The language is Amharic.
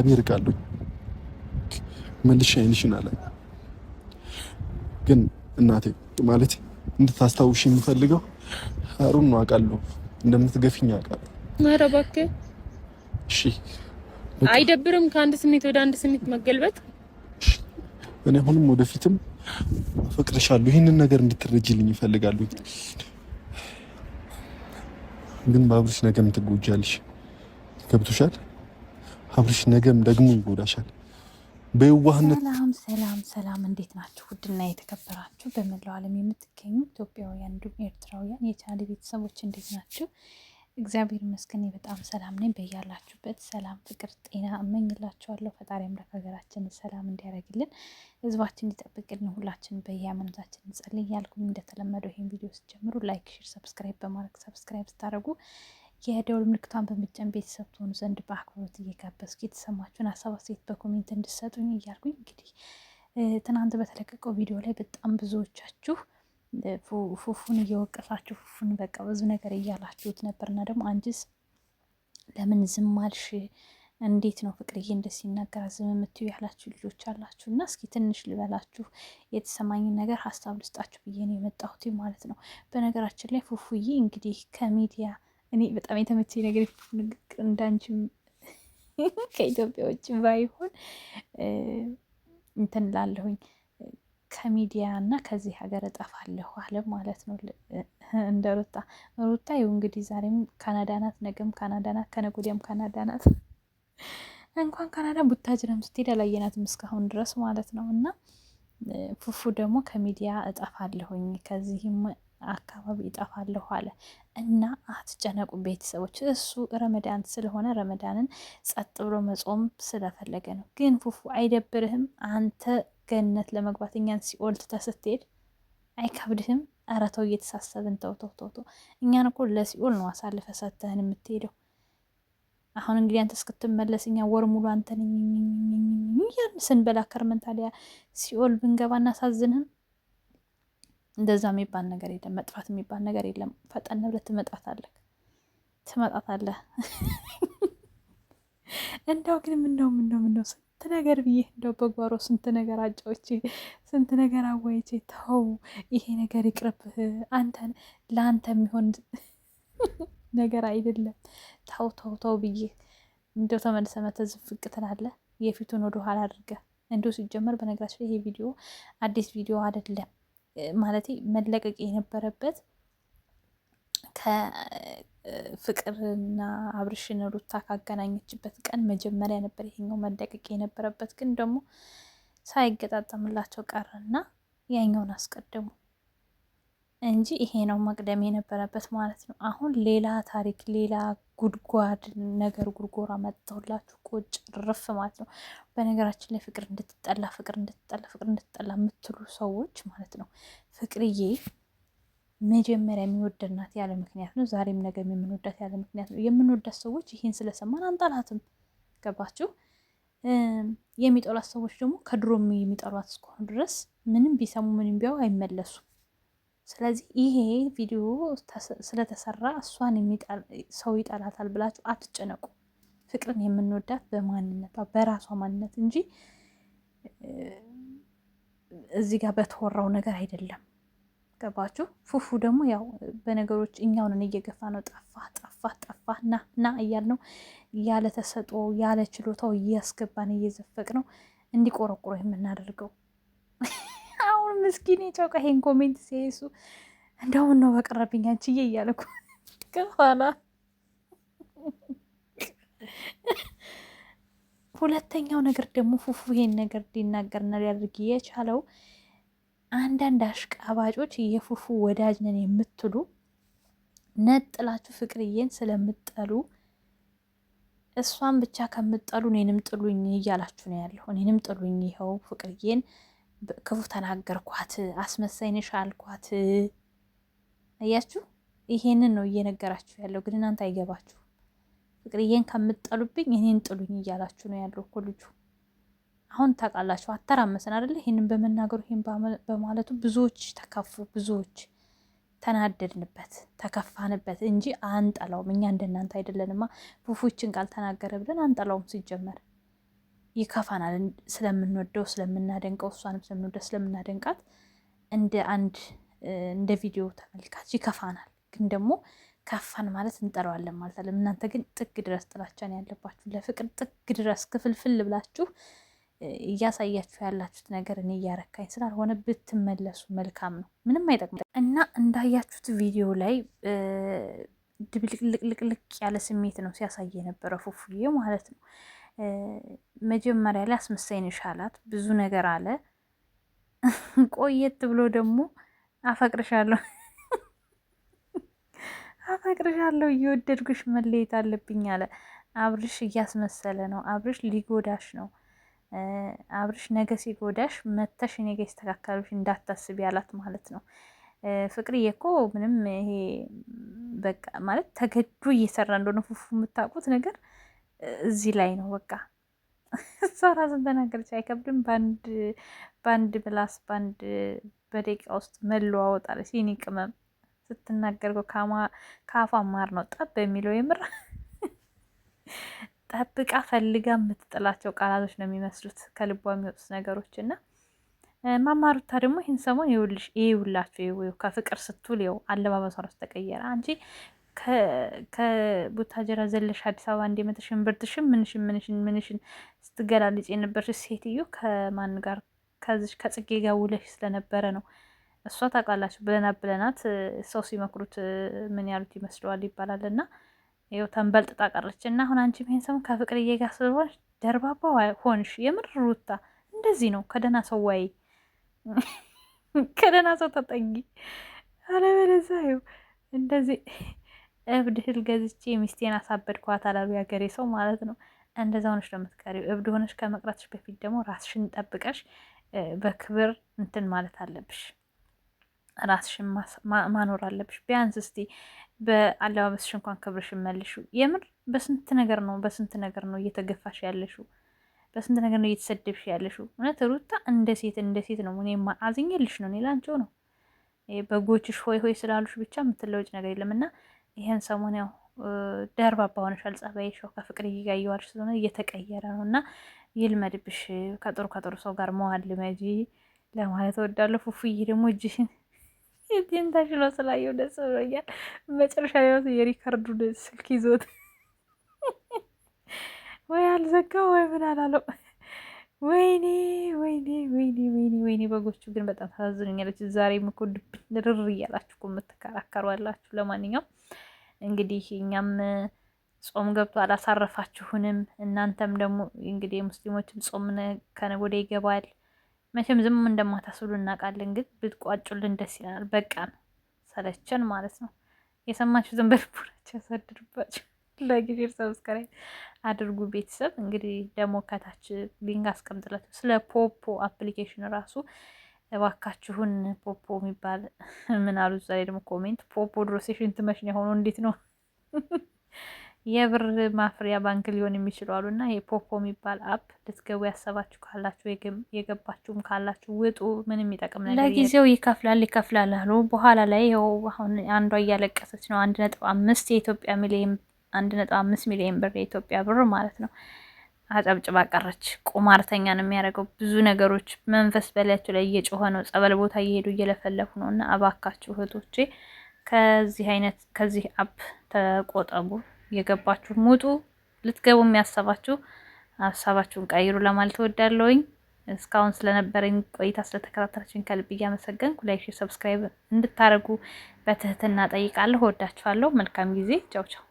ከሀሳቤ ይርቃሉ። መልሽ አይንሽን አለ ግን እናቴ ማለት እንድታስታውሽ የምፈልገው ሀሩን ነው። አውቃለሁ እንደምትገፊኝ አውቃለሁ። ኧረ እባክህ እሺ። አይደብርም ከአንድ ስሜት ወደ አንድ ስሜት መገልበጥ? እኔ አሁንም ወደፊትም አፈቅርሻለሁ። ይህንን ነገር እንድትረጅልኝ ይፈልጋሉ። ግን በአብርሽ ነገር ትጎጃለሽ። ገብቶሻል? አብርሽ ነገም ደግሞ ይጎዳሻል። በየዋህነት ሰላም ሰላም ሰላም፣ እንዴት ናችሁ? ውድና የተከበራችሁ በመላው ዓለም የምትገኙ ኢትዮጵያውያን እንዲሁም ኤርትራውያን የቻለ ቤተሰቦች እንዴት ናችሁ? እግዚአብሔር ይመስገን በጣም ሰላም ነኝ። በያላችሁበት ሰላም፣ ፍቅር፣ ጤና እመኝላችኋለሁ። ፈጣሪ አምላክ ሀገራችንን ሰላም እንዲያደርግልን ህዝባችን እንዲጠብቅልን ሁላችን በየሃይማኖታችን እንጸልይ እያልኩኝ እንደተለመደው ይህን ቪዲዮ ስጀምሩ ላይክ፣ ሼር፣ ሰብስክራይብ በማድረግ ሰብስክራይብ ስታደርጉ የደወል ምልክቷን በመጫን ቤተሰብ ትሆኑ ዘንድ በአክብሮት እየጋበዝኩ የተሰማችሁን ሀሳብ አስተያየት በኮሜንት እንድሰጡኝ እያልኩኝ እንግዲህ ትናንት በተለቀቀው ቪዲዮ ላይ በጣም ብዙዎቻችሁ ፉፉን እየወቀሳችሁ ፉፉን በቃ ብዙ ነገር እያላችሁት ነበርና ደግሞ አንቺስ ለምን ዝም አልሽ? እንዴት ነው ፍቅርዬ እንደ ሲናገር ዝም የምትዩ ያላችሁ ልጆች አላችሁ። እና እስኪ ትንሽ ልበላችሁ የተሰማኝን ነገር ሀሳብ ልስጣችሁ ብዬ ነው የመጣሁት ማለት ነው። በነገራችን ላይ ፉፉዬ እንግዲህ ከሚዲያ እኔ በጣም የተመቸኝ ነገር እንዳንችም ከኢትዮጵያ ውጭ ባይሆን እንትን ላለሁኝ ከሚዲያ እና ከዚህ ሀገር እጠፋለሁ አለም ማለት ነው። እንደ ሩታ ሩታ ይኸው እንግዲህ ዛሬም ካናዳ ናት፣ ነገም ካናዳ ናት፣ ከነጎዲያም ካናዳ ናት። እንኳን ካናዳ ቡታጅራም ስትሄድ አላየናትም እስካሁን ድረስ ማለት ነው። እና ፉፉ ደግሞ ከሚዲያ እጠፋለሁኝ ከዚህም አካባቢ ይጠፋለሁ አለ እና አትጨነቁ ቤተሰቦች። እሱ ረመዳን ስለሆነ ረመዳንን ጸጥ ብሎ መጾም ስለፈለገ ነው። ግን ፉፉ አይደብርህም? አንተ ገነት ለመግባት እኛን ሲኦል ትተህ ስትሄድ አይከብድህም? ኧረ ተው፣ እየተሳሰብን ተው ተው ተው ተው። እኛን እኮ ለሲኦል ነው አሳልፈ ሰተህን የምትሄደው። አሁን እንግዲህ አንተ እስክትመለስ እኛ ወር ሙሉ አንተን ስንበላ ከርመን ታዲያ ሲኦል ብንገባ እናሳዝንህም? እንደዛ የሚባል ነገር የለም። መጥፋት የሚባል ነገር የለም። ፈጠን ብለህ ትመጣታለህ ትመጣታለህ። እንደው ግን ምነው ምነው ምነው ስንት ነገር ብዬ እንደው በጓሮ ስንት ነገር አጫዎቼ ስንት ነገር አወይቼ፣ ተው ይሄ ነገር ይቅርብህ፣ አንተን ለአንተ የሚሆን ነገር አይደለም፣ ተው ተው ተው ብዬ እንደው ተመልሰ መተዝፍቅ ትላለህ፣ የፊቱን ወደ ኋላ አድርገህ እንዲሁ። ሲጀመር በነገራችን ላይ ይሄ ቪዲዮ አዲስ ቪዲዮ አይደለም። ማለት መለቀቅ የነበረበት ከፍቅርና አብርሽን ሩታ ካገናኘችበት ቀን መጀመሪያ ነበር ይሄኛው መለቀቅ የነበረበት፣ ግን ደግሞ ሳይገጣጠምላቸው ቀረና ያኛውን አስቀደሙ። እንጂ ይሄ ነው መቅደም የነበረበት ማለት ነው። አሁን ሌላ ታሪክ፣ ሌላ ጉድጓድ ነገር ጉርጎራ መጥተውላችሁ ቁጭ ርፍ ማለት ነው። በነገራችን ላይ ፍቅር እንድትጠላ ፍቅር እንድትጠላ ፍቅር እንድትጠላ የምትሉ ሰዎች ማለት ነው ፍቅርዬ መጀመሪያ የሚወደናት ያለ ምክንያት ነው። ዛሬም ነገር የምንወዳት ያለ ምክንያት ነው። የምንወዳት ሰዎች ይህን ስለሰማን አንጠላትም። ገባችሁ? የሚጠሏት ሰዎች ደግሞ ከድሮም የሚጠሏት እስከሆኑ ድረስ ምንም ቢሰሙ ምንም ቢያው አይመለሱም። ስለዚህ ይሄ ቪዲዮ ስለተሰራ እሷን ሰው ይጠላታል ብላችሁ አትጨነቁ። ፍቅርን የምንወዳት በማንነቷ በራሷ ማንነት እንጂ እዚህ ጋር በተወራው ነገር አይደለም። ገባችሁ? ፉፉ ደግሞ ያው በነገሮች እኛውን እየገፋ ነው። ጠፋ ጠፋ ጠፋ ና ና እያል ነው ያለ ተሰጦ ያለ ችሎታው እያስገባን እየዘፈቅ ነው እንዲቆረቁሮ የምናደርገው ምስኪን የጨውቃ ይሄን ኮሜንት ሲሄሱ እንደውም ነው በቀረብኝ አንቺዬ እያለኩ ከኋላ ሁለተኛው ነገር ደግሞ ፉፉ ይሄን ነገር ሊናገርና ሊያደርግ የቻለው አንዳንድ አሽቃባጮች የፉፉ ወዳጅ ነን የምትሉ ነጥላችሁ ፍቅርዬን ስለምጠሉ እሷን ብቻ ከምጠሉ እኔንም ጥሉኝ እያላችሁ ነው ያለው። እኔንም ጥሉኝ ይኸው ፍቅርዬን ክፉ ተናገርኳት፣ አስመሳይ ሻልኳት አልኳት። አያችሁ፣ ይሄንን ነው እየነገራችሁ ያለው። ግን እናንተ አይገባችሁ። ፍቅርዬን ከምጠሉብኝ እኔን ጥሉኝ እያላችሁ ነው ያለው እኮ ልጁ። አሁን ታውቃላችሁ፣ አተራመሰን አደለ? ይህንን በመናገሩ ይህን በማለቱ ብዙዎች ተከፉ፣ ብዙዎች ተናደድንበት፣ ተከፋንበት እንጂ አንጠላውም። እኛ እንደናንተ አይደለንማ። ፉፉችን ቃል ተናገረ ብለን አንጠላውም ሲጀመር ይከፋናል። ስለምንወደው ስለምናደንቀው፣ እሷንም ስለምንወደው ስለምናደንቃት እንደ አንድ እንደ ቪዲዮ ተመልካች ይከፋናል። ግን ደግሞ ከፋን ማለት እንጠራዋለን ማለት አለም። እናንተ ግን ጥግ ድረስ ጥላቻን ያለባችሁ ለፍቅር ጥግ ድረስ ክፍልፍል ብላችሁ እያሳያችሁ ያላችሁት ነገር እኔ እያረካኝ ስላልሆነ ብትመለሱ መልካም ነው። ምንም አይጠቅም እና እንዳያችሁት ቪዲዮ ላይ ድብልቅልቅልቅ ያለ ስሜት ነው ሲያሳይ የነበረ ፉፉዬ ማለት ነው። መጀመሪያ ላይ አስመሳይ ነሽ አላት። ብዙ ነገር አለ። ቆየት ብሎ ደግሞ አፈቅርሻለሁ አፈቅርሻለሁ እየወደድኩሽ መለየት አለብኝ አለ። አብርሽ እያስመሰለ ነው። አብርሽ ሊጎዳሽ ነው። አብርሽ ነገ ሲጎዳሽ መተሽ እኔ ጋ ይስተካከሉሽ እንዳታስቢ አላት ማለት ነው። ፍቅርዬ እኮ ምንም ይሄ በቃ ማለት ተገዱ እየሰራ እንደሆነ ፉፉ የምታውቁት ነገር እዚህ ላይ ነው በቃ እሷ ራስን ተናገረች። አይከብድም። በአንድ በአንድ ብላስ በአንድ በደቂቃ ውስጥ መለዋወጣለች። የኔ ቅመም ስትናገርገው ከአፏ ማር ነው ጠብ የሚለው የምር ጠብቃ ፈልጋ የምትጥላቸው ቃላቶች ነው የሚመስሉት ከልቧ የሚወጡት ነገሮች እና ማማሩታ ደግሞ ይህን ሰሞን ይኸውልሽ ይኸውላችሁ ከፍቅር ስትውል ይኸው አለባበሷ ተቀየረ። አንቺ ከቡታጀራ ዘለሽ አዲስ አበባ እንደመተሽን ብርትሽን ምንሽን ምንሽን ምንሽን ስትገላልጭ የነበርሽ ሴትዮ ከማን ጋር ከዚሽ ከጽጌ ጋር ውለሽ ስለነበረ ነው። እሷ ታውቃላችሁ ብለናት ብለናት ሰው ሲመክሩት ምን ያሉት ይመስለዋል ይባላል። እና ይኸው ተንበልጥጣ ቀረች እና አሁን አንቺ ይሄን ሰሞን ከፍቅርዬ ጋር ስለሆንሽ ደርባባ ሆንሽ። የምር ሩታ እንደዚህ ነው። ከደህና ሰው ዋይ፣ ከደህና ሰው ተጠጊ አለበለዚያ እንደዚህ እብድ እህል ገዝቼ ሚስቴን አሳበድኳት አላሉ ያገሬ ሰው ማለት ነው። እንደዛ ሆነሽ ነው የምትቀሪው። እብድ ሆነሽ ከመቅረትሽ በፊት ደግሞ ራስሽን ጠብቀሽ በክብር እንትን ማለት አለብሽ። ራስሽን ማኖር አለብሽ። ቢያንስ እስቲ በአለባበስሽ እንኳን ክብርሽን መልሹ። የምር በስንት ነገር ነው በስንት ነገር ነው እየተገፋሽ ያለሽው፣ በስንት ነገር ነው እየተሰደብሽ ያለሽው። እውነት ሩታ እንደ ሴት እንደ ሴት ነው እኔ አዝኜልሽ ነው። እኔ ላንቺው ነው በጎችሽ ሆይ ሆይ ስላሉሽ ብቻ የምትለወጭ ነገር የለም እና ይህን ሰሞን ያው ደርባባ ሆነሻል። ጸባይሽ ከፍቅር እያየዋልሽ ስለሆነ እየተቀየረ ነው እና ይልመድብሽ። ከጥሩ ከጥሩ ሰው ጋር መዋል ልመጂ ለማለት እወዳለሁ። ፉፉዬ ደግሞ እጅሽን እጅን ተሽሎ ስላየው ደስ ብሎኛል። መጨረሻ ላይወት የሪካርዱ ስልክ ይዞት ወይ አልዘጋው ወይ ምን አላለው ወይኔ ወይኔ ወይኔ ወይኔ ወይኔ በጎቹ ግን በጣም ታሳዝኑኛለች። ዛሬ እኮ ድብድርር እያላችሁ እኮ የምትከራከሩ አላችሁ። ለማንኛውም እንግዲህ እኛም ጾም ገብቶ አላሳረፋችሁንም። እናንተም ደግሞ እንግዲህ የሙስሊሞችም ጾም ከነገ ወዲያ ይገባል። መቼም ዝም እንደማታስብሉ እናውቃለን፣ ግን ብትቋጩልን ደስ ይለናል። በቃ ነው ሰለቸን ማለት ነው። የሰማችሁ ዝም በልቦናቸው ያሳድርባቸው። ለጊዜር ሰብስክራይብ አድርጉ። ቤተሰብ እንግዲህ ደግሞ ከታች ሊንክ አስቀምጥለት ስለ ፖፖ አፕሊኬሽን ራሱ እባካችሁን ፖፖ የሚባል ምን አሉት ዛሬ ደግሞ ኮሜንት ፖፖ ድሮሴሽን ትመሽን የሆነው እንዴት ነው የብር ማፍሪያ ባንክ ሊሆን የሚችሉ አሉ እና የፖፖ የሚባል አፕ ልትገቡ ያሰባችሁ ካላችሁ የገባችሁም ካላችሁ ውጡ። ምን የሚጠቅም ነገር ለጊዜው ይከፍላል ይከፍላል አሉ። በኋላ ላይ ይኸው አሁን አንዷ እያለቀሰች ነው አንድ ነጥብ አምስት የኢትዮጵያ ሚሊየን አንድ ነጥብ አምስት ሚሊዮን ብር የኢትዮጵያ ብር ማለት ነው። አጨብጭባ ቀረች። ቁማርተኛ ነው የሚያደርገው። ብዙ ነገሮች መንፈስ በላያቸው ላይ እየጮኸ ነው። ጸበል ቦታ እየሄዱ እየለፈለፉ ነው። እና እባካችሁ እህቶቼ ከዚህ አይነት ከዚህ አፕ ተቆጠቡ። የገባችሁ ሙጡ። ልትገቡ የሚያሰባችሁ ሀሳባችሁን ቀይሩ ለማለት እወዳለሁኝ። እስካሁን ስለነበረኝ ቆይታ ስለተከታተላችን ከልብ እያመሰገንኩ ላይክ፣ ሰብስክራይብ እንድታደርጉ በትህትና ጠይቃለሁ። እወዳችኋለሁ። መልካም ጊዜ። ቻው ቻው።